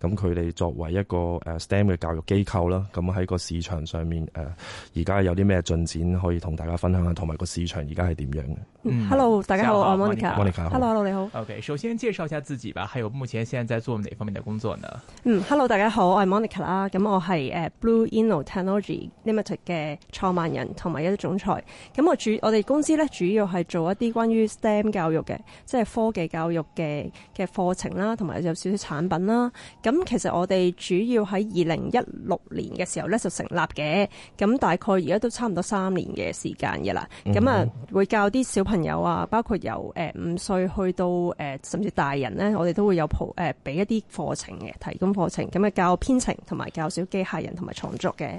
咁佢哋作為一個誒 STEM 嘅教育機構啦，咁喺個市場上面誒，而家有啲咩進展可以同大家分享下？同埋個市場而家係點樣嘅？嗯，Hello 大家好，我係 Monica, Monica. Monica hello。Hello, hello，你好。OK，首先介紹一下自己吧。還有目前現在在做哪方面嘅工作呢？嗯，Hello，大家好，我係 Monica 啦。咁我係誒 Blue Inno Technology Limited 嘅創辦人同埋一啲總裁。咁我主我哋公司咧主要係做一啲關於 STEM 教育嘅，即係科技教育嘅嘅課程啦，同埋有少少產品啦。咁其實我哋主要喺二零一六年嘅時候咧就成立嘅，咁大概而家都差唔多三年嘅時間嘅啦。咁啊，會教啲小朋友啊，包括由誒五歲去到誒、呃、甚至大人咧，我哋都會有葡誒俾一啲課程嘅，提供課程，咁去教編程同埋教小機械人、同埋創作嘅。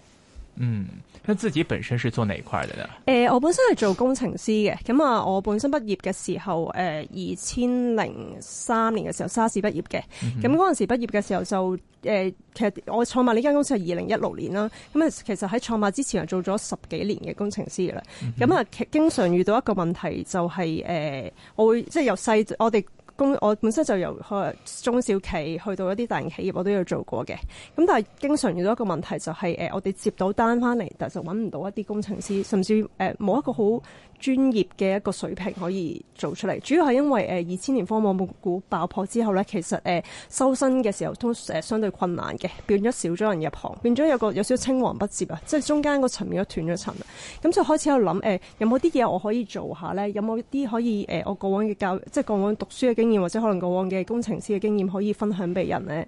嗯，你自己本身是做哪一塊嘅咧？誒、呃，我本身係做工程師嘅，咁啊，我本身畢業嘅時候，誒、呃，二千零三年嘅時候沙士畢業嘅，咁嗰陣時畢業嘅時候就，誒、呃，其實我創辦呢間公司係二零一六年啦，咁啊，其實喺創辦之前係做咗十幾年嘅工程師嘅啦，咁啊、呃，經常遇到一個問題就係、是，誒、呃，我會即係由細我哋。咁我本身就由可能中小企去到一啲大型企業，我都有做過嘅。咁但係經常遇到一個問題，就係誒我哋接到單返嚟，但就揾唔到一啲工程師，甚至誒冇一個好，專業嘅一個水平可以做出嚟，主要係因為二千、呃、年科網股爆破之後呢，其實誒、呃、收身嘅時候都、呃、相對困難嘅，變咗少咗人入行，變咗有一個有少少青黃不接啊，即係中間個層面都斷咗層啦。咁就開始喺度諗誒，有冇啲嘢我可以做下呢？有冇啲可以誒、呃、我過往嘅教育，即係過往讀書嘅經驗，或者可能過往嘅工程師嘅經驗可以分享俾人呢？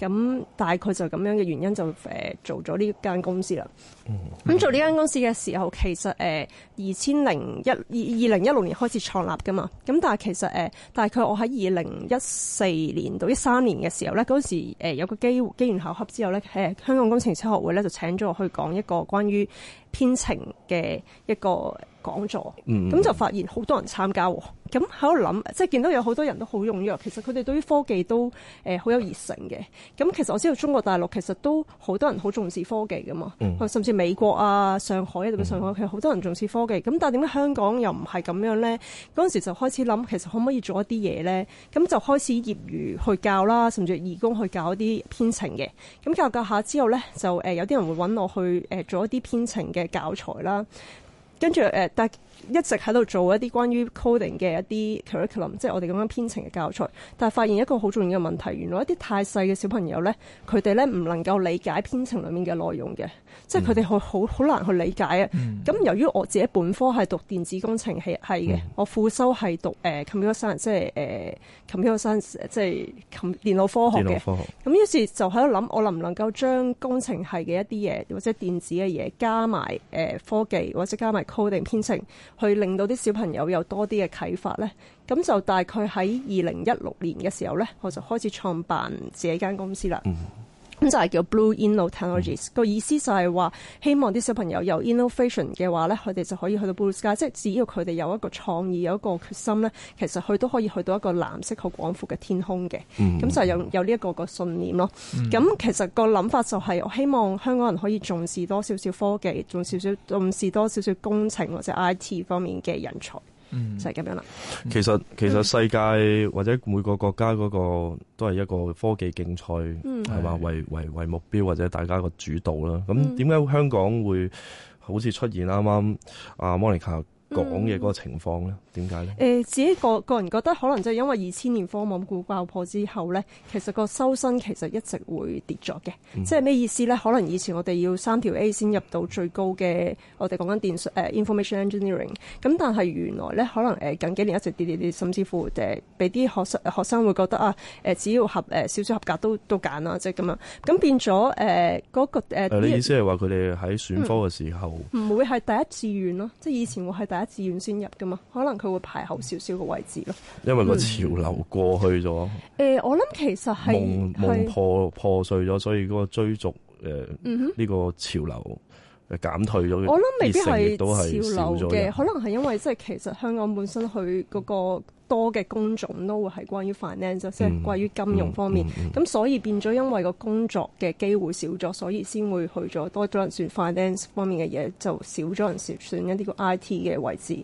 咁、mm-hmm. 大概就咁樣嘅原因就、呃、做咗呢間公司啦。咁、mm-hmm. 做呢間公司嘅時候，其實誒二千零一二二零一六年開始創立㗎嘛，咁但係其實誒，大概我喺二零一四年到一三年嘅時候咧，嗰時誒有個機機緣巧合之後咧，誒香港工程師學會咧就請咗我去講一個關於編程嘅一個講座，咁就發現好多人參加喎。咁喺度諗，即係見到有好多人都好踴躍，其實佢哋對於科技都好、呃、有熱誠嘅。咁其實我知道中國大陸其實都好多人好重視科技㗎嘛、嗯，甚至美國啊、上海啊、甚至上海，其實好多人重視科技。咁但係點解香港又唔係咁樣咧？嗰陣時就開始諗，其實可唔可以做一啲嘢咧？咁就開始業餘去教啦，甚至義工去教一啲編程嘅。咁教一教一下之後咧，就、呃、有啲人會搵我去、呃、做一啲編程嘅。嘅教材啦，跟住誒、呃，但。一直喺度做一啲關於 coding 嘅一啲 curriculum，即係我哋咁樣編程嘅教材，但係發現一個好重要嘅問題，原來一啲太細嘅小朋友咧，佢哋咧唔能夠理解編程裏面嘅內容嘅，嗯、即係佢哋好好好難去理解啊。咁、嗯、由於我自己本科係讀電子工程係係嘅，是嗯、我副修係讀、呃、computer science，即係誒、呃、computer science，即係電腦科學嘅。咁於是就喺度諗，我能唔能夠將工程係嘅一啲嘢或者電子嘅嘢加埋、呃、科技或者加埋 coding 編程？去令到啲小朋友有多啲嘅啟發呢？咁就大概喺二零一六年嘅時候呢，我就開始創辦自己間公司啦。嗯咁就係叫 Blue Inno Technologies 個意思就係話希望啲小朋友有 innovation 嘅話咧，佢哋就可以去到 blue sky，即係只要佢哋有一個創意，有一個決心咧，其實佢都可以去到一個藍色好廣闊嘅天空嘅。咁就有有呢一個個信念咯。咁其實個諗法就係我希望香港人可以重視多少少科技，重少少重視多少少工程或者 IT 方面嘅人才。嗯就，就係咁樣啦。其實其實世界或者每個國家嗰、嗰個都係一個科技競賽，係、嗯、嘛？為為為目標或者大家個主導啦。咁點解香港會好似出現啱啱阿 Monica？講嘢嗰個情況咧，點解咧？誒、嗯，自己個個人覺得可能就係因為二千年科網股爆破之後咧，其實個收生其實一直會跌咗嘅。即係咩意思咧？可能以前我哋要三條 A 先入到最高嘅，我哋講緊電誒 information engineering。咁但係原來咧，可能誒近幾年一直跌跌跌，甚至乎誒俾啲學生學生會覺得啊，誒只要合誒少少合格都都揀啦，即係咁樣。咁變咗誒嗰個、啊、你意思係話佢哋喺選科嘅時候唔、嗯嗯、會係第一志願咯？即係以前會係第一自願先入噶嘛，可能佢會排後少少嘅位置咯。因為個潮流過去咗。誒、嗯欸，我諗其實係夢破是破碎咗，所以嗰個追逐誒呢、呃嗯這個潮流誒減退咗。我諗未必係都係潮流嘅，可能係因為即係其實香港本身佢嗰、那個。多嘅工種都會係關於 finance，即係關於金融方面。咁、嗯嗯嗯嗯、所以變咗，因為個工作嘅機會少咗，所以先會去咗多咗人算 finance 方面嘅嘢就少咗，人選選一啲個 IT 嘅位置。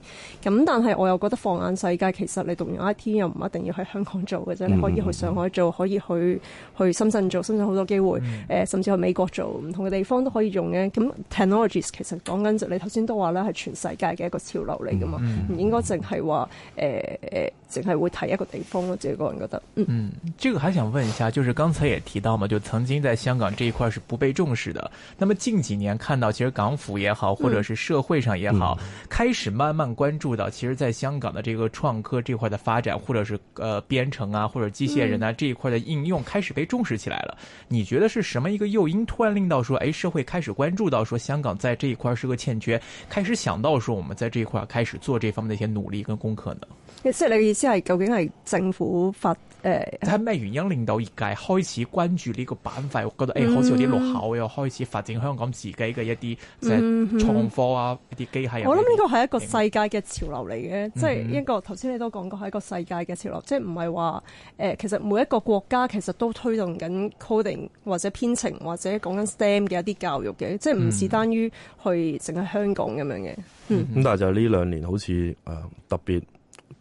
咁但係我又覺得放眼世界，其實你讀完 IT 又唔一定要喺香港做嘅啫。你可以去上海做，可以去去深圳做，深圳好多機會。誒、嗯呃，甚至去美國做，唔同嘅地方都可以用嘅。咁 technology 其實講緊就你頭先都話啦，係全世界嘅一個潮流嚟噶嘛，唔、嗯嗯、應該淨係話誒誒。呃淨係會睇一個地方咯，自己個人覺得嗯。嗯，這個還想問一下，就是剛才也提到嘛，就曾經在香港這一塊是不被重視的。那麼近幾年看到，其實港府也好，或者是社會上也好，嗯、開始慢慢關注到，其實，在香港的這個創科這塊的發展，或者是，呃，編程啊，或者機械人啊、嗯、這一塊的應用，開始被重視起來了。你覺得是什麼一個誘因，突然令到說，哎，社會開始關注到說，香港在這一塊是個欠缺，開始想到說，我們在這一塊開始做這方面的一些努力跟功課呢？嘅意思係究竟係政府發誒，係、呃、咩原因令到業界開始關注呢個板塊、嗯？我覺得誒，好似有啲入口又開始發展香港自己嘅一啲即係創科啊一啲、嗯嗯、機械人。我諗呢個係一個世界嘅潮流嚟嘅，即、嗯、係、就是、一個頭先、嗯、你都講過係、嗯、一個世界嘅潮流，嗯、即係唔係話誒，其實每一個國家其實都推動緊 coding 或者編程或者講緊 STEM 嘅一啲教育嘅、嗯，即係唔止單於去淨係香港咁樣嘅。咁、嗯嗯、但係就呢兩年好似誒特別。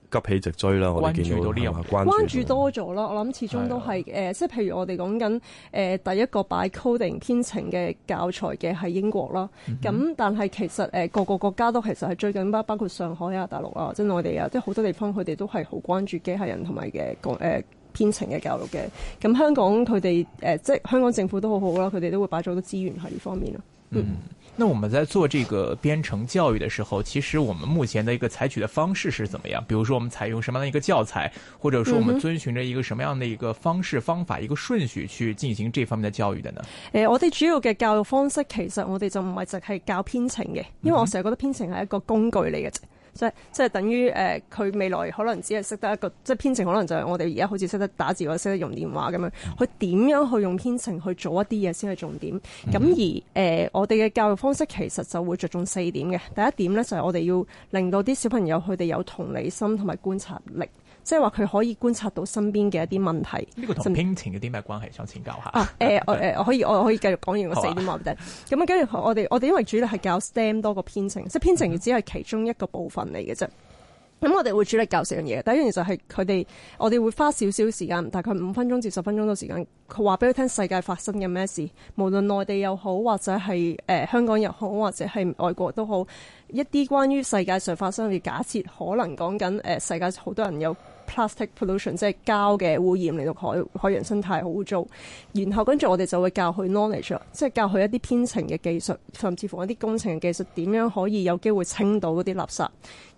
急起直追啦！我哋見到呢人關，關，關注多咗啦，我諗始終都係、呃、即係譬如我哋講緊誒，第一個擺 coding 編程嘅教材嘅係英國啦。咁、嗯、但係其實誒，個、呃、各國家都其實係追緊，包包括上海啊、大陸啊、即係內地啊，即係好多地方佢哋都係好關注機械人同埋嘅講編程嘅教育嘅。咁香港佢哋、呃、即係香港政府都好好啦，佢哋都會擺咗好多資源喺呢方面咯、嗯。嗯。那我們在做這個編程教育的時候，其實我們目前的一個採取的方式是怎麼樣？比如說我們採用什麼樣的一個教材，或者說我們遵循着一個什麼樣的一個方式、方法、一個順序去進行這方面的教育的呢？誒、呃，我哋主要嘅教育方式其實我哋就唔係淨係教編程嘅，因為我成日覺得編程係一個工具嚟嘅啫。即係即係等於誒，佢、呃、未來可能只係識得一個即係編程，可能就係我哋而家好似識得打字或者識得用電話咁樣。佢點樣去用編程去做一啲嘢先係重點。咁、嗯、而誒、呃，我哋嘅教育方式其實就會着重四點嘅。第一點咧就係、是、我哋要令到啲小朋友佢哋有同理心同埋觀察力。即係話佢可以觀察到身邊嘅一啲問題，呢、這個同編程有啲咩關係？想請教下啊？誒、 欸欸，我可以，我可以繼續講完個四點話俾你。咁跟住我哋，我哋、啊、因為我主力係教 STEM 多過編程，即係編程只係其中一個部分嚟嘅啫。咁、嗯、我哋會主力教四樣嘢。第一樣嘢就係佢哋，我哋會花少少時間，大概五分鐘至十分鐘嘅時間，話俾佢聽世界發生嘅咩事，無論內地又好，或者係誒、呃、香港又好，或者係外國都好，一啲關於世界上發生嘅假設，可能講緊誒世界好多人有。Plastic pollution 即係膠嘅污染，令到海海洋生態好污糟。然後跟住我哋就會教佢 knowledge，即係教佢一啲編程嘅技術，甚至乎一啲工程嘅技術，點樣可以有機會清到嗰啲垃圾。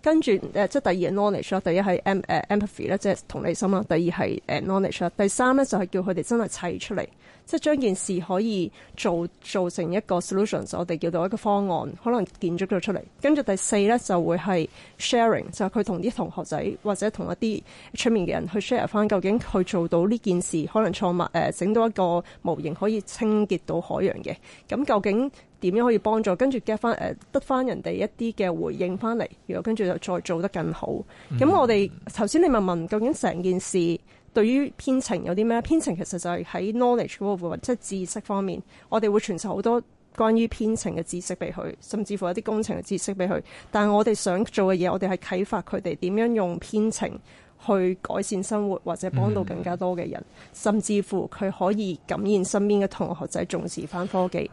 跟住誒，即係第二 knowledge 啦，第一係 em empathy，即係同理心啦。第二係 knowledge 啦，第三咧就係叫佢哋真係砌出嚟。即係將件事可以做做成一個 solutions，我哋叫做一個方案，可能建築咗出嚟。跟住第四咧就會係 sharing，就係佢同啲同學仔或者同一啲出面嘅人去 share 翻究竟佢做到呢件事，可能錯物誒整到一個模型可以清潔到海洋嘅。咁究竟點樣可以幫助？跟住 get 翻得翻、呃、人哋一啲嘅回應翻嚟，然後跟住就再做得更好。咁、嗯、我哋頭先你問問究竟成件事。對於編程有啲咩？編程其實就係喺 knowledge 嗰部分，即係知識方面，我哋會傳授好多關於編程嘅知識俾佢，甚至乎一啲工程嘅知識俾佢。但係我哋想做嘅嘢，我哋係啟發佢哋點樣用編程去改善生活，或者幫到更加多嘅人、嗯，甚至乎佢可以感染身邊嘅同學仔重視翻科技。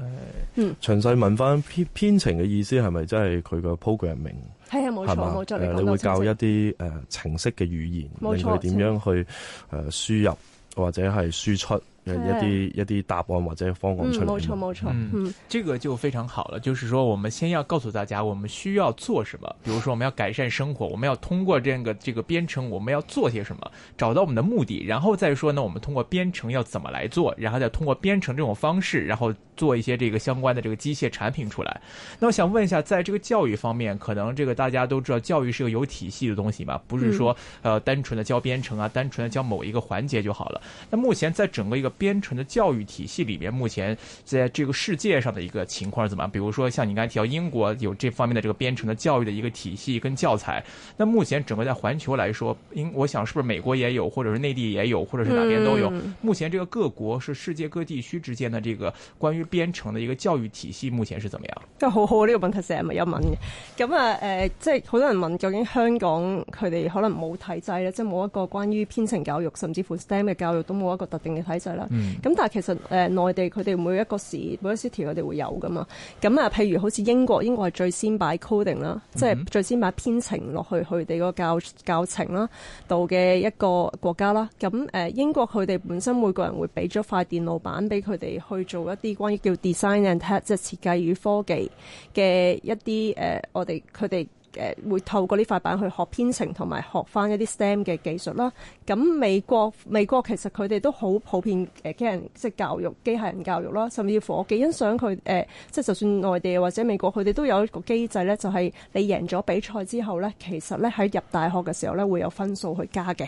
嗯，詳細問翻編編程嘅意思係咪真係佢嘅 programming？係啊，冇錯，冇錯、嗯。你會教一啲誒、呃、程式嘅語言，令佢點樣去誒呃、輸入或者係輸出。一啲一啲答案或者方案出嚟、嗯嗯，嗯，這個就非常好了。就是說，我們先要告訴大家我們需要做什麼，比如說，我們要改善生活，我們要通過這個這個編程，我們要做些什麼，找到我們的目的，然後再說呢，我們通過編程要怎麼來做，然後再通過編程這種方式，然後做一些這個相關的這個機械產品出來。那我想問一下，在這個教育方面，可能這個大家都知道，教育是個有體系的東西嘛，不是說呃，呃、嗯，單純的教編程啊，單純的教某一個環節就好了。那目前在整個一個編程的教育體系裏面，目前在這個世界上的一個情況是怎麼樣？比如說，像你剛才提到，英國有這方面的這個編程的教育的一個體系跟教材。那目前整個在環球來說，我想是不是美國也有，或者是內地也有，或者是哪邊都有？嗯、目前這個各國是世界各地區之間的這個關於編程的一個教育體系，目前是怎麼樣？都好好啊，呢、這個問題成日咪有問嘅。咁、嗯、啊，誒、呃，即係好多人問，究竟香港佢哋可能冇體制咧，即係冇一個關於編程教育，甚至乎 STEM 嘅教育都冇一個特定嘅體制啦。咁、嗯、但係其實誒內、呃、地佢哋每一個市每一個 city 佢哋會有噶嘛，咁啊、呃、譬如好似英國，英國係最先擺 coding 啦，嗯、即係最先擺編程落去佢哋個教教程啦度嘅一個國家啦。咁誒、呃、英國佢哋本身每個人會俾咗塊電腦板俾佢哋去做一啲關於叫 design and tech，即係設計與科技嘅一啲誒、呃、我哋佢哋。誒會透過呢塊板去學編程同埋學翻一啲 STEM 嘅技術啦。咁美國美國其實佢哋都好普遍，誒機人，即係教育機械人教育啦。甚至乎我幾欣賞佢，誒，即係就算內地或者美國，佢哋都有一個機制咧，就係你贏咗比賽之後咧，其實咧喺入大學嘅時候咧會有分數去加嘅。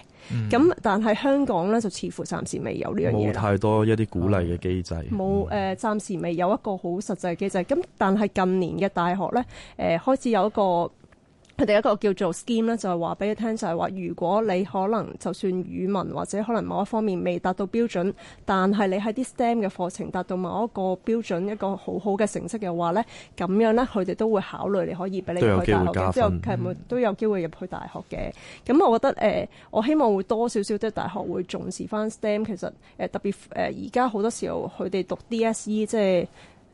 咁、嗯、但係香港咧就似乎暫時未有呢樣嘢。冇太多一啲鼓勵嘅機制。冇、嗯、誒，暫時未有一個好實際嘅機制。咁、嗯、但係近年嘅大學咧，誒開始有一個。佢哋一個叫做 scheme 咧，就係話俾你聽，就係話如果你可能就算語文或者可能某一方面未達到標準，但係你喺啲 STEM 嘅課程達到某一個標準，一個好好嘅成績嘅話咧，咁樣咧佢哋都會考慮你可以俾你入去大學。之後係咪都有機會入去大學嘅？咁我覺得誒、呃，我希望會多少少啲大學會重視翻 STEM。其實、呃、特別誒而家好多時候佢哋讀 DSE 即係。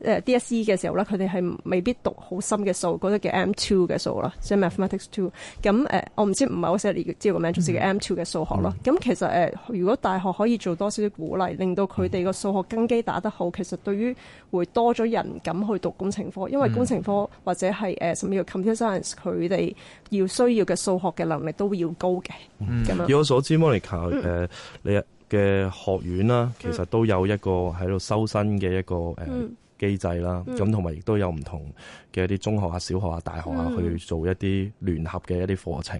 誒 DSE 嘅時候咧，佢哋係未必讀好深嘅數，嗰啲叫 M2 嘅數咯，即係 Mathematics Two。咁誒，我唔知唔係我寫你知個名、嗯，就係、是、叫 M2 嘅數學咯。咁、嗯、其實誒，如果大學可以做多少啲鼓勵，令到佢哋個數學根基打得好，其實對於會多咗人敢去讀工程科，因為工程科、嗯、或者係誒什麼叫 Computer Science，佢哋要需要嘅數學嘅能力都會要高嘅。咁、嗯、樣以我所知，Monica 誒、嗯呃、你嘅學院啦，其實都有一個喺度修身嘅一個誒。嗯呃機制啦，咁同埋亦都有唔同嘅一啲中學啊、小學啊、大學啊去做一啲聯合嘅一啲課程。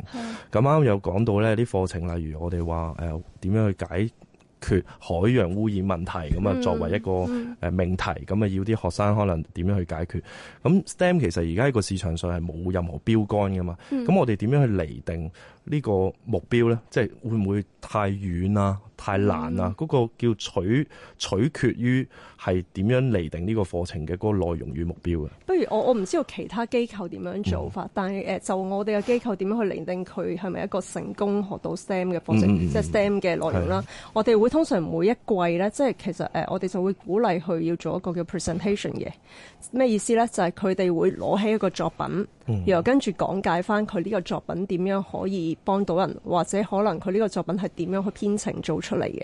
咁啱啱有講到咧，啲課程例如我哋話誒點樣去解決海洋污染問題，咁啊作為一個誒命題，咁、嗯、啊、嗯、要啲學生可能點樣去解決？咁、嗯、STEM 其實而家個市場上係冇任何標桿㗎嘛，咁、嗯、我哋點樣去釐定呢個目標咧？即係會唔會太遠啊？太難啦！嗰、嗯嗰個叫取取決於係點樣嚟定呢個課程嘅嗰個內容與目標嘅。不如我我唔知道其他機構點樣做法，嗯、但係誒就我哋嘅機構點樣去嚟定佢係咪一個成功學到 STEM 嘅課程，嗯、即係 STEM 嘅內容啦。我哋會通常每一季咧，即係其實誒我哋就會鼓勵佢要做一個叫 presentation 嘅咩意思咧？就係佢哋會攞起一個作品。然後跟住講解翻佢呢個作品點樣可以幫到人，或者可能佢呢個作品係點樣去編程做出嚟嘅。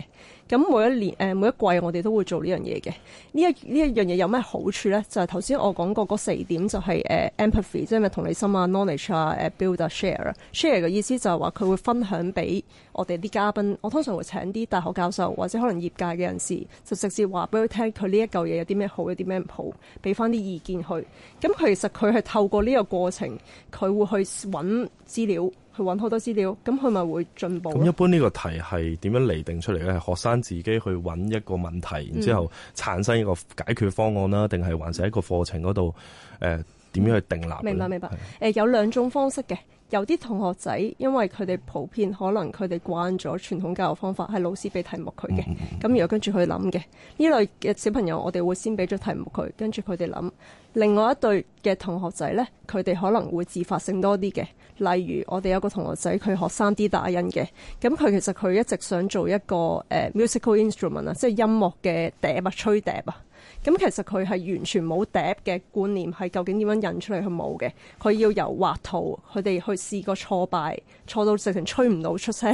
咁每一年每一季我哋都會做呢樣嘢嘅，呢一呢一樣嘢有咩好處咧？就係頭先我講過嗰四點，就係，uh, empathy, 就係 empathy，即係咪同理心啊，knowledge 啊、uh,，build a share, share，share 嘅意思就係話佢會分享俾我哋啲嘉賓。我通常會請啲大學教授或者可能業界嘅人士，就直接話俾佢聽佢呢一嚿嘢有啲咩好，有啲咩唔好，俾翻啲意見佢。咁其實佢係透過呢個過程，佢會去揾資料。去揾好多資料，咁佢咪會進步？咁一般呢個題係點樣嚟定出嚟咧？係學生自己去揾一個問題，然後之後產生一個解決方案啦，定、嗯、係還是喺個課程嗰度誒點樣去定立？明白明白。誒、呃、有兩種方式嘅。有啲同學仔，因為佢哋普遍可能佢哋慣咗傳統教育方法，係老師俾題目佢嘅，咁如果跟住去諗嘅呢類嘅小朋友，我哋會先俾咗題目佢，跟住佢哋諗。另外一對嘅同學仔呢，佢哋可能會自發性多啲嘅，例如我哋有個同學仔佢學生 D 打印學三 D 打印嘅，咁佢其實佢一直想做一個誒、uh, musical instrument 啊，即係音樂嘅笛啊，吹笛啊。咁其實佢係完全冇笛嘅觀念，係究竟點樣引出嚟佢冇嘅。佢要由畫圖，佢哋去試個挫敗，挫到直情吹唔到出聲。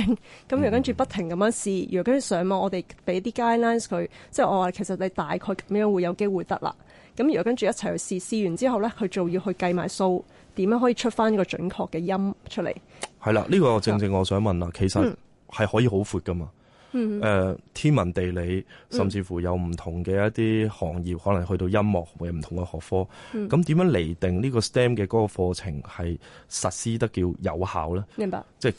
咁又跟住不停咁樣試，如果跟住上網我 guidance，我哋俾啲 guidelines 佢。即係我話其實你大概咁樣會有機會得啦。咁如果跟住一齊去試，試完之後咧，佢仲要去計埋數，點樣可以出翻個準確嘅音出嚟。係啦，呢、呢個正正我想問啦，其實係可以好闊噶嘛？嗯嗯呃、天文地理，甚至乎有唔同嘅一啲行業、嗯、可能去到音樂或者唔同嘅學科。咁、嗯、點樣釐定呢個 STEM 嘅嗰個課程係實施得叫有效咧？明白。即係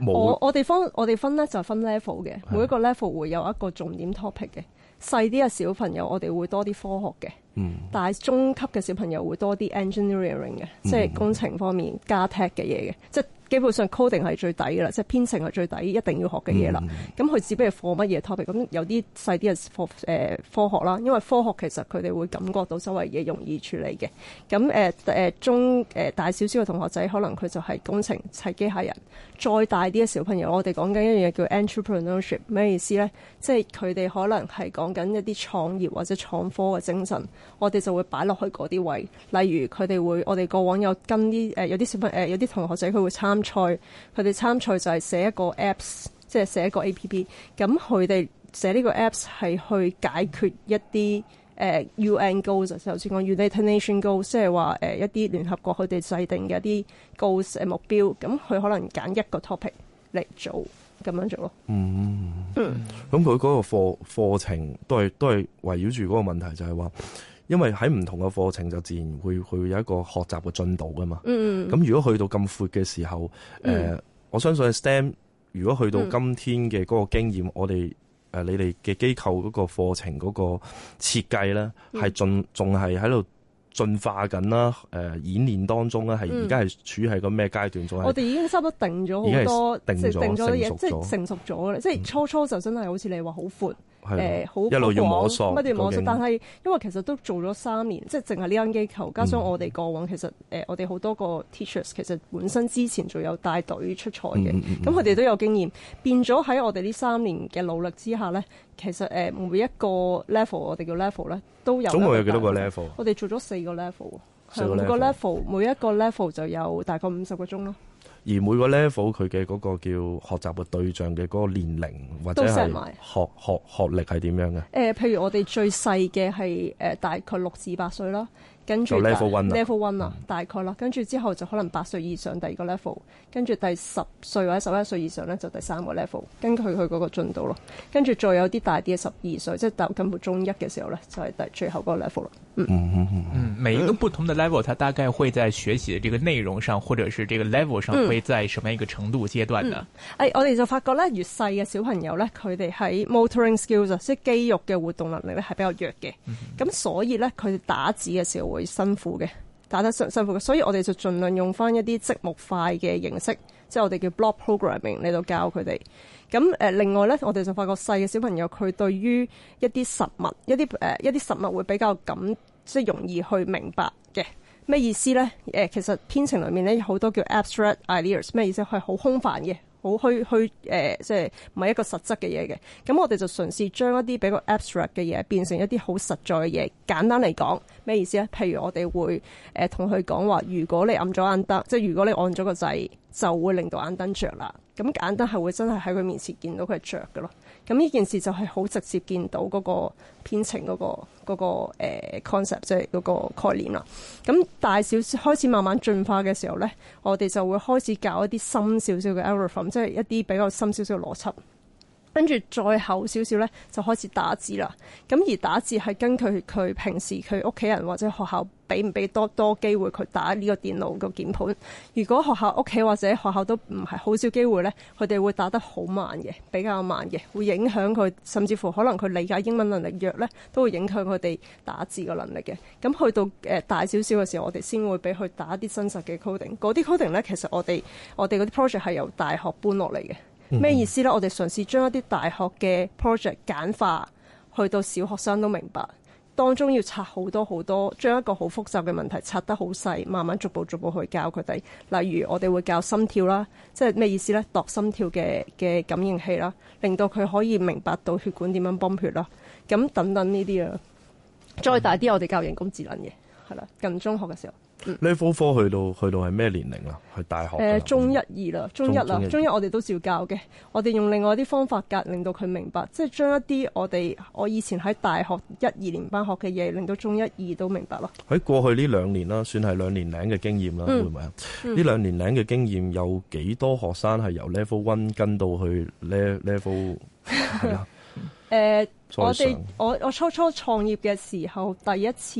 冇。我我哋分我哋分咧就係分 level 嘅，每一個 level 會有一個重點 topic 嘅。細啲嘅小朋友，我哋會多啲科學嘅。嗯。但係中級嘅小朋友會多啲 engineering 嘅、嗯，即係工程方面加 Tech 嘅嘢嘅，即係。基本上 coding 係最底啦，即係編程係最底一定要學嘅嘢啦。咁、嗯、佢只不過課乜嘢 topic，咁有啲細啲係課誒科學啦，因為科學其實佢哋會感覺到周圍嘢容易處理嘅。咁誒誒中誒、呃、大少少嘅同學仔，可能佢就係工程砌機械人。再大啲嘅小朋友，我哋講緊一樣嘢叫 entrepreneurship，咩意思咧？即係佢哋可能係講緊一啲創業或者創科嘅精神。我哋就會擺落去嗰啲位，例如佢哋會我哋過往有跟啲誒有啲小朋友，有啲、呃、同學仔，佢會參。賽，佢哋參賽就係寫一個 apps，即係寫一個 A P P。咁佢哋寫呢個 apps 係去解決一啲誒、呃、U N goals，頭先講 United Nations goals，即係話誒一啲聯合國佢哋制定嘅一啲 goals 誒目標。咁佢可能揀一個 topic 嚟做，咁樣做咯。嗯，咁佢嗰個課課程都係都係圍繞住嗰個問題就是說，就係話。因為喺唔同嘅課程就自然會會有一個學習嘅進度噶嘛。咁、嗯、如果去到咁闊嘅時候，誒、嗯呃，我相信 STEM 如果去到今天嘅嗰個經驗，嗯、我哋誒你哋嘅機構嗰個課程嗰個設計咧，係、嗯、進仲係喺度進化緊啦。誒、呃、演練當中咧，係而家係處喺個咩階段？仲、嗯、我哋已經差唔多定咗好多，已經定咗成熟咗嘅，即係、嗯、初初就真係好似你話好闊。嗯誒好、呃、一路要摸索，乜都摸索，但係因為其實都做咗三年，即係淨係呢間機構，加上我哋過往其實、呃、我哋好多個 teachers 其實本身之前仲有帶隊出賽嘅，咁佢哋都有經驗，變咗喺我哋呢三年嘅努力之下咧，其實、呃、每一個 level，我哋叫 level 咧都有。總共有幾多個 level？我哋做咗四個 level，四個 level？每個 level 每一個 level 就有大概五十個鐘咯。而每個 level 佢嘅嗰個叫學習嘅對象嘅嗰個年齡或者係學學學，學歷係點樣嘅？誒、呃，譬如我哋最細嘅係大概六至八歲啦，跟住 level one level one 大概啦、嗯，跟住之後就可能八歲以上第二個 level，跟住第十歲或者十一歲以上咧就第三個 level，根據佢嗰個進度咯，跟住再有啲大啲嘅十二歲，即係到近乎中一嘅時候咧，就係、是、第最後嗰個 level。嗯嗯嗯每一個不同的 level，它大概會在學習的這個內容上，或者是這個 level 上，會在什麼樣一個程度階、嗯、段呢？誒、嗯哎，我哋就發覺咧，越細嘅小朋友咧，佢哋喺 motoring skills，即係肌肉嘅活動能力咧，係比較弱嘅。咁、嗯、所以咧，佢哋打字嘅時候會辛苦嘅，打得辛辛苦嘅。所以我哋就盡量用翻一啲積木塊嘅形式，即係我哋叫 block programming 嚟到教佢哋。咁誒，另外咧，我哋就發覺細嘅小朋友佢對於一啲實物、一啲誒、呃、一啲實物會比較咁即係容易去明白嘅咩意思咧、呃？其實編程裏面咧有好多叫 abstract ideas，咩意思係好空泛嘅、好虛虛誒、呃，即係唔係一個實質嘅嘢嘅。咁我哋就嘗試將一啲比較 abstract 嘅嘢變成一啲好實在嘅嘢。簡單嚟講，咩意思呢？譬如我哋會誒同佢講話，如果你按咗 under，即係如果你按咗個掣。就會令到眼燈着啦，咁眼燈係會真係喺佢面前見到佢着嘅咯。咁呢件事就係好直接見到嗰個編程嗰個嗰個呃 concept，即係嗰個概念啦。咁大少少開始慢慢進化嘅時候呢，我哋就會開始搞一啲深少少嘅 algorithm，即係一啲比較深少少嘅邏輯。跟住再厚少少呢，就開始打字啦。咁而打字係根據佢平時佢屋企人或者學校俾唔俾多多機會佢打呢個電腦個鍵盤。如果學校屋企或者學校都唔係好少機會呢，佢哋會打得好慢嘅，比較慢嘅，會影響佢，甚至乎可能佢理解英文能力弱呢，都會影響佢哋打字嘅能力嘅。咁去到、呃、大少少嘅時候，我哋先會俾佢打啲真實嘅 coding。嗰啲 coding 呢，其實我哋我哋嗰啲 project 係由大學搬落嚟嘅。咩意思咧？我哋嘗試將一啲大學嘅 project 簡化，去到小學生都明白。當中要拆好多好多，將一個好複雜嘅問題拆得好細，慢慢逐步逐步去教佢哋。例如我哋會教心跳啦，即係咩意思咧？度心跳嘅嘅感應器啦，令到佢可以明白到血管點樣泵血啦，咁等等呢啲啊。再大啲，我哋教人工智能嘅，係啦，近中學嘅時候。level four 去到去到係咩年齡？去大學誒、呃，中一二啦，中一啦，中一我哋都照教嘅。我哋用另外啲方法格，令到佢明白，即係將一啲我哋我以前喺大學一二年班學嘅嘢，令到中一二都明白咯。喺過去呢兩年啦，算係兩年零嘅經驗啦，會唔會啊？呢兩、嗯、年零嘅經驗有幾多學生係由 level one 跟到去 level？係 咯是的？誒、 呃。我哋我我初初創業嘅時候，第一次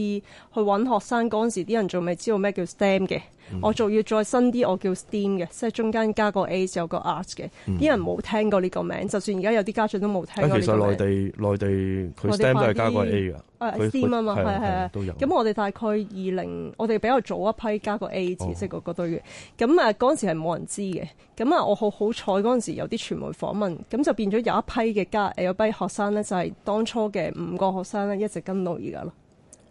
去揾學生嗰陣時，啲人仲未知道咩叫 STEM 嘅。嗯、我仲要再新啲，我叫 Steam 嘅，即係中間加 A 個 A，有個 Art 嘅。啲人冇聽過呢個名，就算而家有啲家長都冇聽過呢個名。其實內地內地佢，呃、Steam 都係加個 A 噶，Steam 啊嘛，係係啊。咁我哋大概二零，我哋比較早一批加個 A 字即嗰個堆嘅。咁啊嗰時係冇人知嘅。咁啊我好好彩嗰時有啲傳媒訪問，咁就變咗有一批嘅加，有批學生咧就係、是、當初嘅五個學生咧一直跟到而家咯。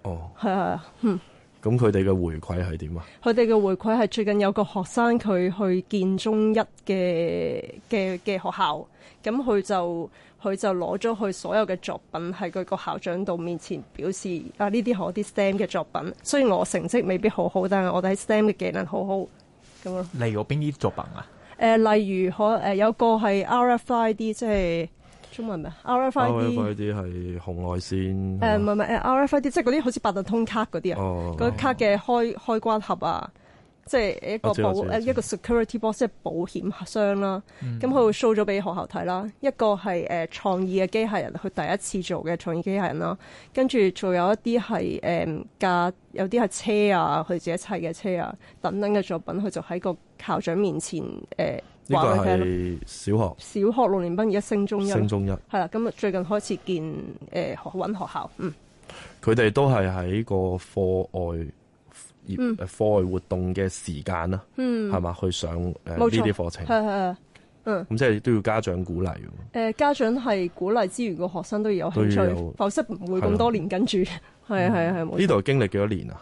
哦。係係，嗯。咁佢哋嘅回饋係點啊？佢哋嘅回饋係最近有個學生，佢去建中一嘅嘅嘅學校，咁佢就佢就攞咗佢所有嘅作品喺佢個校長度面前表示啊，呢啲可啲 STEM 嘅作品，雖然我成績未必好好，但係我哋喺 STEM 嘅技能好好。咁例如邊啲作品啊？呃、例如可、呃、有個係 RFID，即係。中文咩？RFID 係、oh, 紅外線。誒唔係唔係誒 RFID，即係嗰啲好似八達通卡嗰啲啊。哦，嗰卡嘅開開關盒啊，即、哦、係、就是、一個保,保一個 security box 即係保險箱啦。咁、嗯、佢會 show 咗俾學校睇啦。一個係誒、呃、創意嘅機械人，佢第一次做嘅創意機械人啦。跟住仲有一啲係誒架有啲係車啊，佢自己砌嘅車啊，等等嘅作品，佢就喺個校長面前誒。呃呢、這個係小，小學，小學六年班而家升中一，升中一係啦。咁啊，最近開始見誒，搵、呃、學校，嗯，佢哋都係喺個課外業誒課外活動嘅時間啦，嗯，係嘛，去上誒呢啲課程，係係，嗯。咁即係都要家長鼓勵。誒、呃，家長係鼓勵之餘，個學生都要有興趣，否則唔會咁多年跟住。係啊，係啊，係。呢、嗯、度經歷幾多年啊？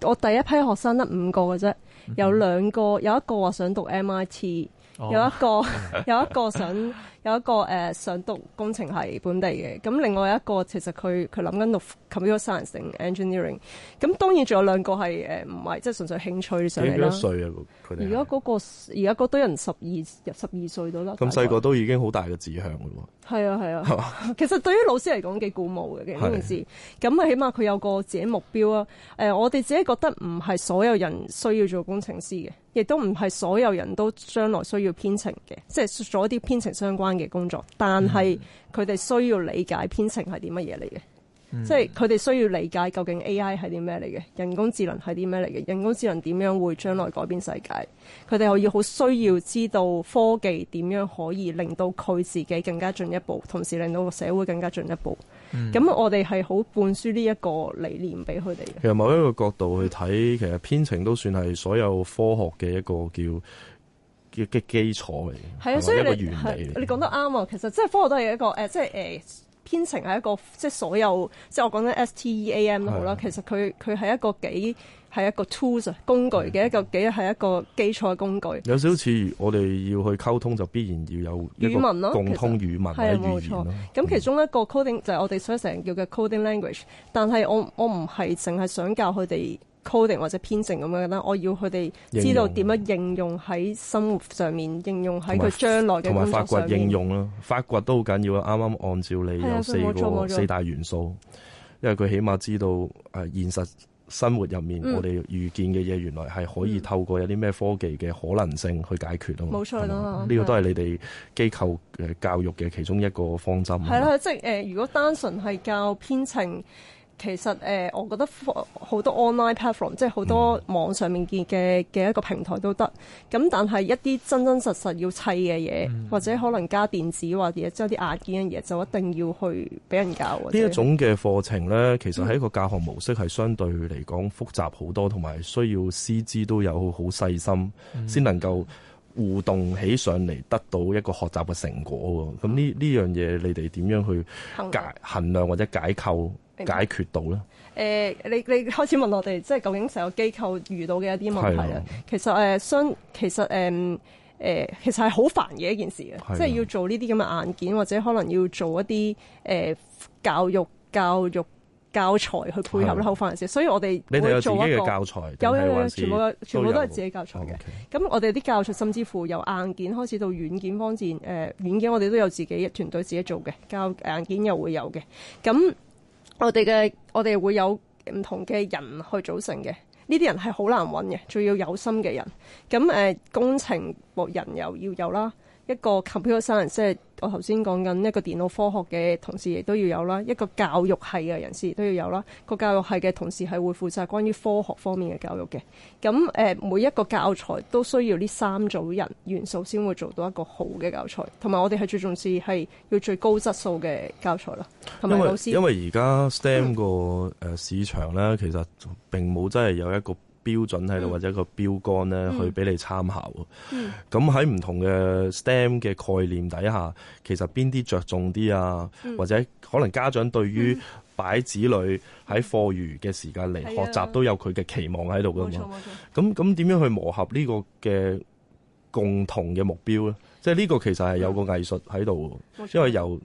我第一批學生得五個嘅啫、嗯，有兩個，有一個話想讀 MIT、哦、有一個 有一個想。有一個誒想、呃、讀工程係本地嘅，咁另外一個其實佢佢諗緊讀 computer science 同 engineering，咁當然仲有兩個係唔係即係純粹興趣上啦。幾多歲啊？佢哋而家嗰個而家嗰堆人十二十二歲到啦。咁細個都已經好大嘅志向咯喎。係啊係啊，啊 其實對於老師嚟講幾鼓舞嘅嘅呢件事，咁啊起碼佢有個自己目標啊。誒、呃、我哋自己覺得唔係所有人需要做工程師嘅，亦都唔係所有人都將來需要編程嘅，即係做一啲編程相關。嘅工作，但係佢哋需要理解編程係啲乜嘢嚟嘅，即係佢哋需要理解究竟 AI 係啲咩嚟嘅，人工智能係啲咩嚟嘅，人工智能點樣會將來改變世界？佢哋又要好需要知道科技點樣可以令到佢自己更加進一步，同時令到個社會更加進一步。咁、嗯、我哋係好灌輸呢一個理念俾佢哋。其實某一個角度去睇，其實編程都算係所有科學嘅一個叫嘅基礎嚟，係啊，所以你係你講得啱啊！其實即係科學都係一個即係誒編程係一個即係、就是、所有即係、就是、我講緊 S T E A M 都好啦。其實佢佢係一個幾係一個 tools 工具嘅一個幾係一個基礎嘅工具。有少少似我哋要去溝通，就必然要有共通語文咯、啊，其實。係冇錯。咁其中一個 coding 就係我哋成日叫嘅 coding language，但係我我唔係淨係想教佢哋。coding 或者編程咁樣啦，我要佢哋知道點樣應用喺生活上面，應用喺佢將來嘅工作上面。同埋發掘應用咯，發掘都好緊要。啱啱按照你有四個四大元素，因為佢起碼知道誒現實生活入面我哋遇見嘅嘢，原來係可以透過有啲咩科技嘅可能性去解決冇、嗯、錯啦，呢、呢個都係你哋機構誒教育嘅其中一個方針。係啦，即係誒，如果單純係教編程。其實、呃、我覺得好多 online platform，即係好多網上面嘅嘅一個平台都得。咁、嗯、但係一啲真真實實要砌嘅嘢，或者可能加電子或者即啲硬件嘅嘢，就一定要去俾人教。呢一種嘅課程咧、嗯，其實喺一個教學模式，係相對嚟講複雜好多，同埋需要師資都有好細心，先、嗯、能夠互動起上嚟，得到一個學習嘅成果。咁呢呢樣嘢，你哋點樣去解衡量或者解構？解決到咧？誒、呃，你你開始問我哋，即係究竟成個機構遇到嘅一啲問題啊？其實誒、呃，相其實誒、呃、其實係好煩嘅一件事嘅，即係要做呢啲咁嘅硬件，或者可能要做一啲誒、呃、教育教育教材去配合啦。好煩嘅事，所以我哋會做一個，你哋有自己嘅教材，有有全部全部都係自己教材嘅。咁我哋啲教材甚至乎由硬件開始到軟件方面、呃，軟件我哋都有自己團隊自己做嘅，教硬件又會有嘅咁。我哋嘅我哋會有唔同嘅人去組成嘅，呢啲人係好難揾嘅，仲要有心嘅人，咁誒、呃、工程人又要有啦。一個 computer science 即係我頭先講緊一個電腦科學嘅同事亦都要有啦，一個教育系嘅人士亦都要有啦。個教育系嘅同事係會負責關於科學方面嘅教育嘅。咁誒，每一個教材都需要呢三組人元素先會做到一個好嘅教材，同埋我哋係最重視係要最高質素嘅教材咯。同埋老師，因為而家 STEM 個市場咧，其實並冇真係有一個標準喺度或者一個標杆咧、嗯，去俾你參考。咁喺唔同嘅 STEM 嘅概念底下，其實邊啲着重啲啊、嗯？或者可能家長對於擺子女喺課餘嘅時間嚟學習都、嗯、有佢嘅期望喺度㗎嘛。冇錯冇錯。咁咁點樣去磨合呢個嘅共同嘅目標咧？即係呢個其實係有個藝術喺度，因為由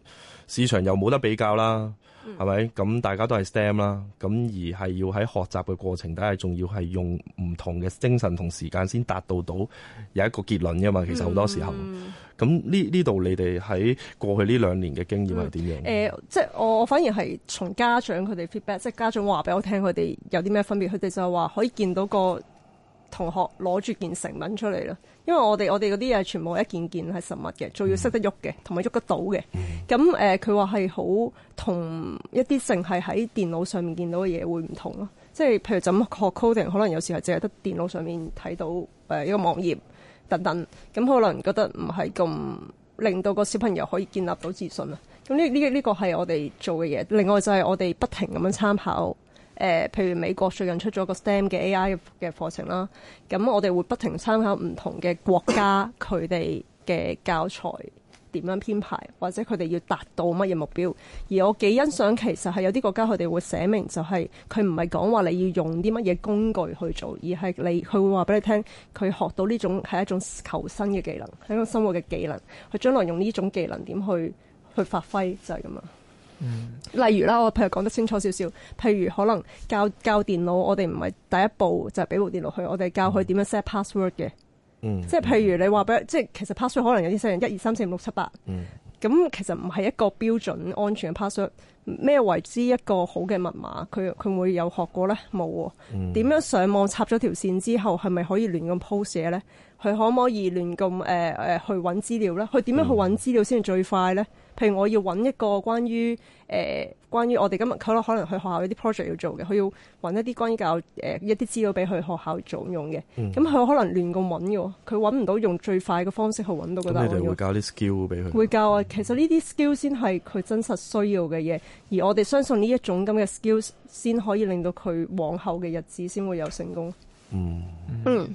市場又冇得比較啦。係咪咁大家都係 STEM 啦？咁而係要喺學習嘅過程底下，仲要係用唔同嘅精神同時間先達到到有一個結論嘅嘛？其實好多時候，咁呢呢度你哋喺過去呢兩年嘅經驗係點樣？嗯呃、即係我反而係從家長佢哋 feedback，即係家長話俾我聽，佢哋有啲咩分別？佢哋就係話可以見到個，同學攞住件成品出嚟啦，因為我哋我哋嗰啲嘢全部一件件係實物嘅，仲要識得喐嘅，同埋喐得到嘅。咁誒，佢話係好同一啲淨係喺電腦上面見到嘅嘢會唔同咯。即係譬如怎學 coding，可能有時候淨係得電腦上面睇到誒一個網頁等等，咁可能覺得唔係咁令到個小朋友可以建立到自信啊。咁呢呢呢個係我哋做嘅嘢。另外就係我哋不停咁樣參考。誒、呃，譬如美國最近出咗個 STEM 嘅 AI 嘅課程啦，咁我哋會不停參考唔同嘅國家佢哋嘅教材點樣編排，或者佢哋要達到乜嘢目標。而我幾欣賞其實係有啲國家佢哋會寫明，就是，就係佢唔係講話你要用啲乜嘢工具去做，而係你佢會話俾你聽，佢學到呢種係一種求生嘅技能，係一種生活嘅技能，佢將來用呢種技能點去去發揮就係咁樣。嗯、例如啦，我譬如講得清楚少少，譬如可能教教電腦，我哋唔係第一步就係俾部電腦去，我哋教佢點樣 set password 嘅。即係譬如你話俾，即係其實 password 可能有啲細人一二三四五六七八。咁其實唔係一個標準安全嘅 password。咩為之一個好嘅密碼？佢佢會有學過呢？冇喎。點樣上網插咗條線之後，係咪可以亂咁 post 嘢呢？佢可唔可以亂咁誒誒去搵資料呢？佢點樣去搵資料先至最快呢？譬如我要揾一個關於誒、呃，關於我哋今日佢可能去學校有啲 project 要做嘅，佢要揾一啲關於教誒、呃、一啲資料俾佢學校做用用嘅，咁、嗯、佢可能亂咁揾嘅，佢揾唔到用最快嘅方式去揾到個答案嘅。你哋會教啲 skill 俾佢？會教啊，其實呢啲 skill 先係佢真實需要嘅嘢，而我哋相信呢一種咁嘅 skills 先可以令到佢往後嘅日子先會有成功。嗯。嗯，嗯。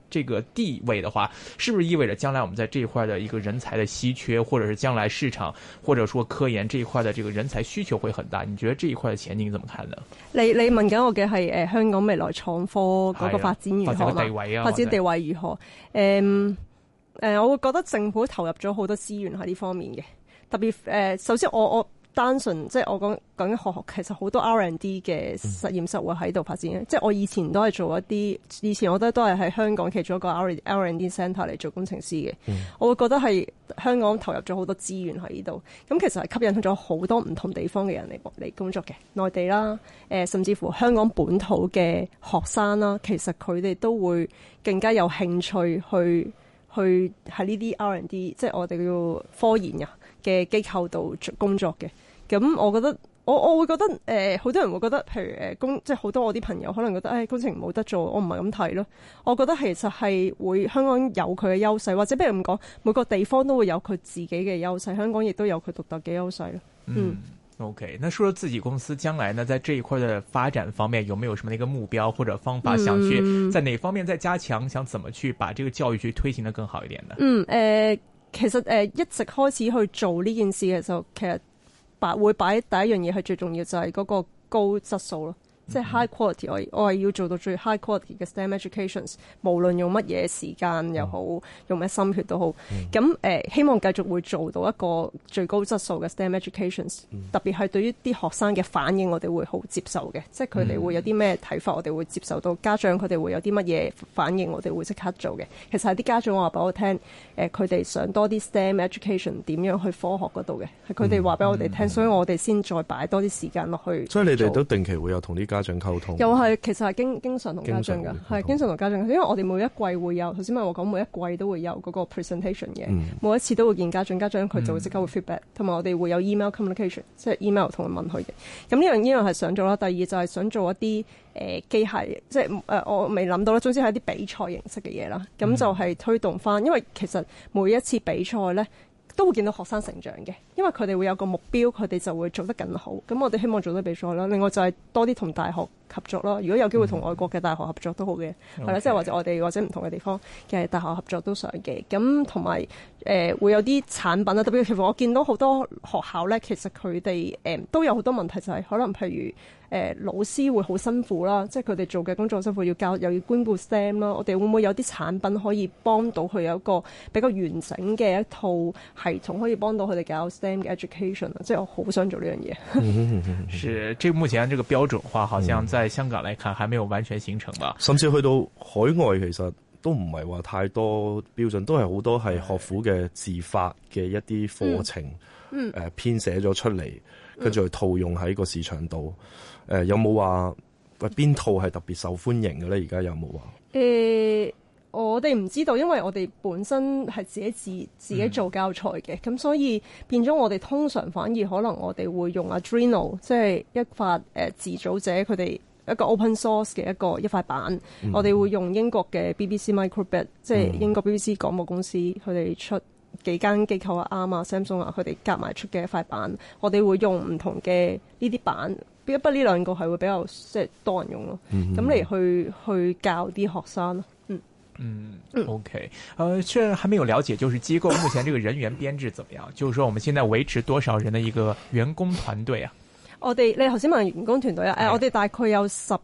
這個地位的話，是不是意味着將來我們在這一塊的一個人才的稀缺，或者是將來市場，或者說科研這一塊的這個人才需求會很大？你覺得這一塊的前景怎麼看呢？你你問緊我嘅係誒香港未來創科嗰個發展如何嘛，地位啊？發展地位如何？誒、嗯、誒、呃，我會覺得政府投入咗好多資源喺呢方面嘅，特別誒、呃，首先我我。單純即係我講講緊學學，其實好多 R and D 嘅實驗室會喺度發展嘅、嗯。即係我以前都係做一啲，以前我覺得都係喺香港其中一個 R and D center 嚟做工程師嘅、嗯。我會覺得係香港投入咗好多資源喺呢度，咁其實係吸引咗好多唔同地方嘅人嚟嚟工作嘅。內地啦，誒，甚至乎香港本土嘅學生啦，其實佢哋都會更加有興趣去去喺呢啲 R and D，即係我哋叫科研㗎嘅機構度工作嘅，咁我覺得我我會覺得誒，好、呃、多人會覺得，譬如誒、呃、工，即係好多我啲朋友可能覺得，誒、哎、工程冇得做，我唔係咁睇咯。我覺得其實係會香港有佢嘅優勢，或者不如咁講，每個地方都會有佢自己嘅優勢，香港亦都有佢獨特嘅優勢咯。嗯，OK，那說說自己公司將來呢，在這一塊嘅發展方面，有沒有什麼一個目標或者方法、嗯，想去在哪方面再加強，想怎麼去把這個教育去推行得更好一點呢？嗯，誒、呃。其實誒一直開始去做呢件事嘅時候，其實擺會擺第一樣嘢係最重要，就係嗰個高質素咯。即、就、係、是、high quality，我我係要做到最 high quality 嘅 STEM educations，無論用乜嘢時間又好，用咩心血都好。咁、嗯、誒、呃、希望繼續會做到一個最高質素嘅 STEM educations、嗯。特別係對於啲學生嘅反應我哋會好接受嘅，即係佢哋會有啲咩睇法，我哋會接受到。嗯、家長佢哋會有啲乜嘢反應我哋會即刻做嘅。其實係啲家長話俾我聽誒佢哋想多啲 STEM education 點樣去科學度嘅，係佢哋話俾我哋聽、嗯，所以我哋先再擺多啲時間落去。所以你哋都定期會有同啲家長家長溝通又係，其實係經經常同家長噶，係經常同家長。因為我哋每一季會有頭先咪我講，每一季都會有嗰個 presentation 嘅、嗯，每一次都會見家長，家長佢就會即刻會 feedback、嗯。同埋我哋會有 email communication，即係 email 同佢問佢嘅。咁呢樣呢樣係想做啦。第二就係想做一啲誒機械，即係誒、呃、我未諗到啦。總之係一啲比賽形式嘅嘢啦。咁就係推動翻，因為其實每一次比賽咧。都會見到學生成長嘅，因為佢哋會有個目標，佢哋就會做得更好。咁我哋希望做得比賽啦。另外就係多啲同大學，合作咯，如果有機會同外國嘅大學合作都好嘅，係、okay，啦，即係或者我哋或者唔同嘅地方嘅大學合作都想嘅。咁同埋誒會有啲產品啊，特別譬如我見到好多學校咧，其實佢哋誒都有好多問題就係、是、可能譬如誒、呃、老師會好辛苦啦，即係佢哋做嘅工作辛苦，辛苦要教又要兼顧 STEM 啦。我哋會唔會有啲產品可以幫到佢有一個比較完整嘅一套系統可以幫到佢哋搞 STEM 嘅 education 啊？即係我好想做呢樣嘢。 是，這目前呢個標準化好像在，嗯。喺香港來看，還沒有完全形成吧。甚至去到海外，其實都唔係話太多標準，都係好多係學府嘅自發嘅一啲課程，誒編寫咗出嚟，跟住去套用喺個市場度。誒、呃、有冇話喂邊套係特別受歡迎嘅咧？而家有冇話？誒、欸，我哋唔知道，因為我哋本身係自己自自己做教材嘅，咁、嗯、所以變咗我哋通常反而可能我哋會用 Arduino 即係一發誒自組者佢哋。一個 open source 嘅一個一塊板，嗯、我哋會用英國嘅 BBC Microbit、嗯、即係英國 BBC 廣播公司佢哋，嗯、出幾間機構啊，啱啊，Samsung 啊，佢哋夾埋出嘅一塊板，我哋會用唔同嘅呢啲板，不不呢兩個係會比較即係多人用咯，咁、嗯、嚟去，嗯、去教啲學生咯。嗯嗯，OK，呃，雖然還沒有了解，就是機構目前這個人員編制怎麼樣， 就是說我們現在維持多少人的一個員工團隊啊？我哋你頭先問員工團隊啊、呃，我哋大概有十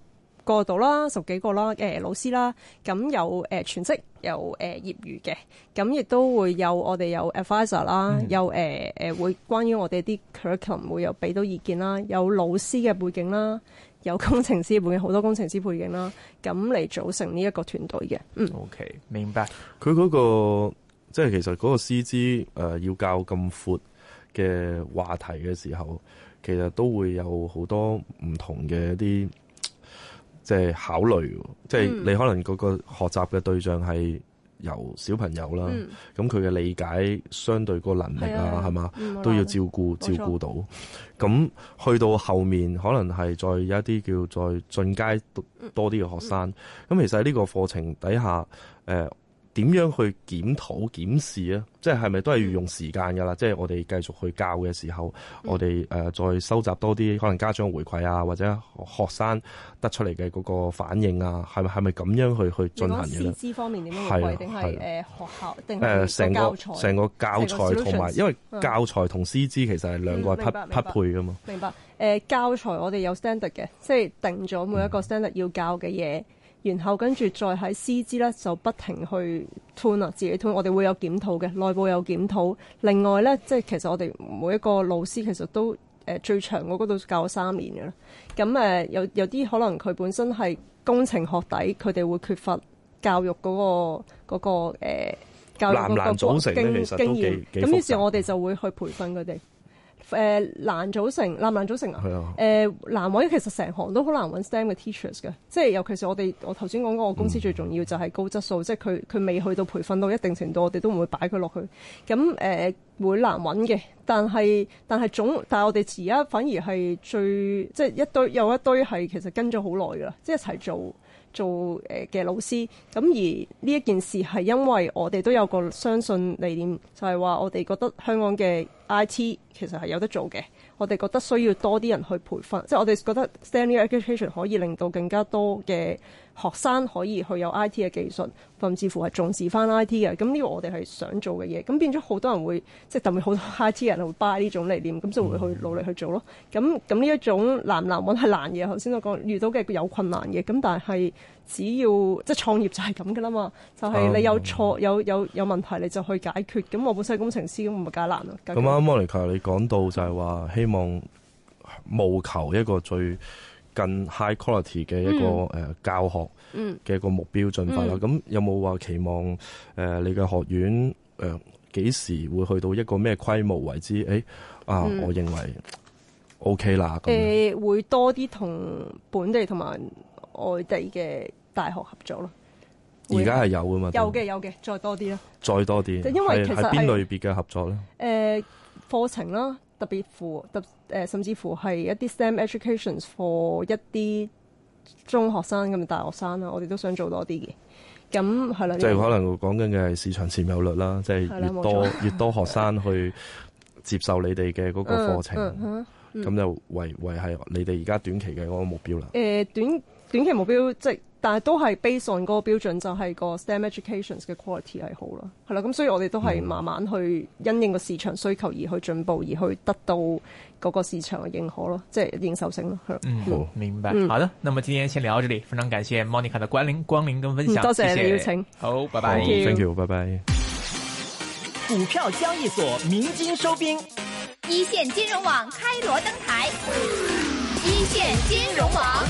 個度啦，十幾個啦、呃，老師啦，咁有誒、呃、全職，有誒、呃、業餘嘅，咁亦都會有我哋有 advisor 啦、嗯，有誒誒會關於我哋啲 curriculum 會有俾到意見啦，有老師嘅背景啦，有工程師背景，好多工程師背景啦，咁嚟組成呢一個團隊嘅。嗯，OK，明白。佢嗰個即係其實嗰個師資、呃、要教咁闊嘅話題嘅時候，其實都會有好多唔同嘅一啲，即係考慮、嗯，即係你可能嗰個學習嘅對象係由小朋友啦，咁佢嘅理解相對個能力啊，係、嗯、嘛、嗯、都要照顧、嗯、照顧到。咁去到後面可能係再有一啲叫再進階多啲嘅學生，咁、嗯、其實喺呢個課程底下，誒、呃。點樣去檢討檢視啊？即係係咪都係要用時間噶啦？嗯、即係我哋繼續去教嘅時候，嗯、我哋誒、呃、再收集多啲可能家長回饋啊，或者學生得出嚟嘅嗰個反應啊，係咪係咪咁樣去去進行嘅咧？師資方面點樣回饋？定係誒學校定係成個成個教材同埋、呃，因為教材同師資其實係兩個匹匹配噶嘛。明白誒、呃、教材我哋有嘅，我哋有 standard 嘅，即係定咗每一個 standard 要教嘅嘢。嗯然後跟住再喺師資咧就不停去 turn 啊，自己 turn，我哋會有檢討嘅，內部有檢討。另外咧，即係其實我哋每一個老師其實都誒、呃、最長我嗰度教三年嘅啦。咁誒有有啲可能佢本身係工程學底，佢哋會缺乏教育嗰、嗰個嗰、嗰個誒、嗰個呃、教育嗰、嗰個藍藍組成經經驗。咁於是，我哋就會去培訓佢哋。誒、uh，難組成，難唔難組成啊？係啊。Uh，難揾，其實成行都好難揾 STEM 嘅 teachers 嘅，即係尤其是我哋我頭先講嗰我公司最重要就係高質素，嗯、即係佢佢未去到培訓到一定程度，我哋都唔會擺佢落去。咁誒、呃、會難揾嘅，但係但係總，但係我哋而家反而係最即係一堆有一堆係其實跟咗好耐噶啦，即係一齊做。做誒嘅老師，咁而呢一件事係因為我哋都有個相信理念，就係話我哋覺得香港嘅 IT 其實係有得做嘅，我哋覺得需要多啲人去培訓，即係我哋覺得 STEM education 可以令到更加多嘅。學生可以去有 I T 嘅技術，甚至乎係重視翻 I T 嘅，咁呢個我哋係想做嘅嘢。咁變咗好多人會，即特別好多 I T 人會 buy 呢種理念，咁就會去努力去做咯。咁咁呢一種難唔難揾？係難嘅，頭先我講遇到嘅有困難嘅。咁但係只要即係創業就係咁㗎啦嘛，就係、是、你有錯、嗯、有有有問題你就去解決。咁我本身係工程師咁咪梗係難啦。咁啱啱 Monica 你講到就係話希望務求一個最。近 high quality 嘅一個誒教學嘅一個目標進化啦，咁、嗯嗯嗯、有冇話期望誒、呃、你嘅學院誒幾、呃、時會去到一個咩規模為之？誒、哎、啊、嗯，我認為 OK 啦。誒、呃，會多啲同本地同埋外地嘅大學合作咯。而家係有噶嘛？有嘅，有嘅，再多啲咯，再多啲。因為其實係邊類別嘅合作咧？誒、呃，課程啦。特別乎特誒，甚至乎係一啲 STEM educations for 一啲中學生、咁大學生啦，我哋都想做多啲嘅。咁係啦，即係、就是、可能講緊嘅係市場佔有率啦，即係越多越多學生去接受你哋嘅嗰個課程，咁 嗯嗯嗯、就為為係你哋而家短期嘅嗰個目標啦。誒，短短期目標即係。就是但係都係 based on 嗰個標準，就係、是、個 STEM educations 嘅 quality 係好咯，係啦。咁所以我哋都係慢慢去因應個市場需求而去進步，而去得到嗰個市場嘅認可咯，即係認受性咯、嗯。嗯，好，明白、嗯。好的，那麼今天先聊到這裡，非常感謝 Monica 的光臨，光臨跟分享。多謝，謝，謝，你邀請好，拜拜。Thank you，拜拜。股票交易所明金收兵，一線金融網開羅登台，一線金融網。